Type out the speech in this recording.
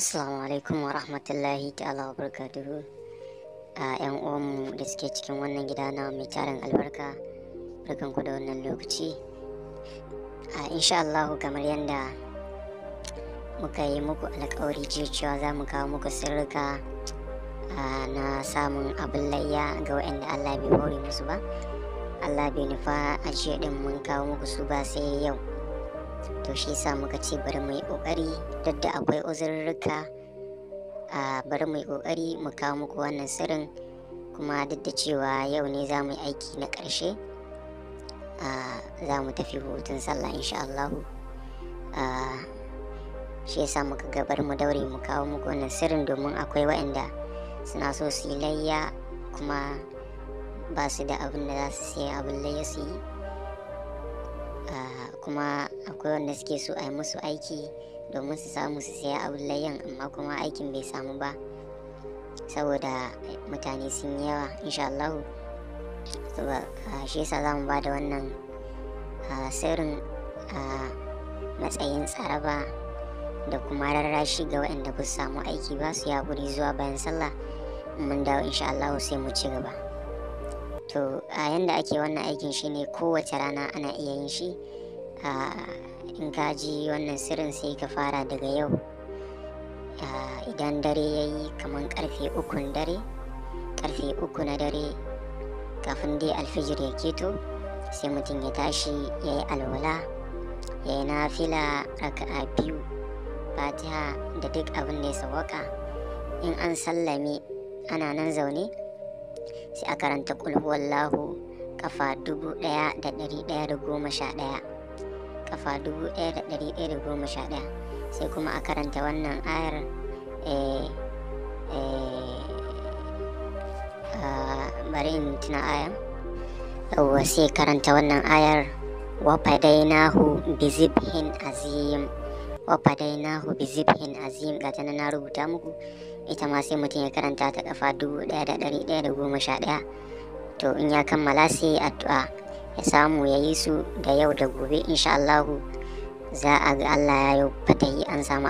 Assalamualaikum alaikum ta'ala wa barakatuhu a yan uwanmu da suke cikin wannan gida na mai tarin albarka ku da wannan lokaci a insha Allahu kamar yadda muka yi muku alkawari jiya cewa za mu kawo muku sirrika na samun abin layya ga waɗanda Allah bai bori musu ba Allah bai nufa a jiya din mun kawo muku su ba sai yau to shi yasa muka ce bari mu yi ƙoƙari duk da akwai uzurrurruka a bari mu yi ƙoƙari mu kawo muku wannan sirrin kuma duk da cewa yau ne za mu yi aiki na ƙarshe za mu tafi hutun sallah insha Allahu shi yasa muka ga bari mu daure mu kawo muku wannan sirrin domin akwai waɗanda suna so su yi layya kuma ba su da abin da za su sayi abin layya su yi Ah, kuma akwai wanda suke so a yi musu aiki domin su samu su saya a layin amma kuma aikin bai samu ba saboda mutane sun yi yawa inshallahu ah, shi yasa za mu ba da wannan ah, sirrin matsayin tsaraba da kuma rarrashi ga waɗanda ba su samu aiki ba su ya guri zuwa bayan sallah mun dawo insha Allah sai mu ci gaba to a yanda ake wannan aikin shi ne kowace rana ana iya yin shi in ka ji wannan sirrin sai ka fara daga yau idan dare ya yi kamar karfe na dare karfe uku na dare kafin dai alfijir ya keto sai mutum ya tashi ya yi alwala ya yi nafila raka'a biyu fatiha da duk abin da ya sawaka in an sallame ana nan zaune sai a karanta ƙulhuwallahu kafa dubu ɗaya da ɗari ɗaya da goma sha ɗaya kafa dubu ɗaya da ɗari ɗaya da goma sha ɗaya sai kuma a karanta wannan ayar eh, eh, ah, bari in tuna ayar yawwa sai karanta wannan ayar wa fadainahu bizibhin azim na bi zibhin azim da ta na rubuta muku ita ma sai mutum ya karanta ta kafa dubu ɗaya da ɗari ɗaya da goma sha ɗaya to in ya kammala sai addu'a ya samu ya yi su da yau da gobe insha Allahu za a ga Allah ya yi fatahi an samu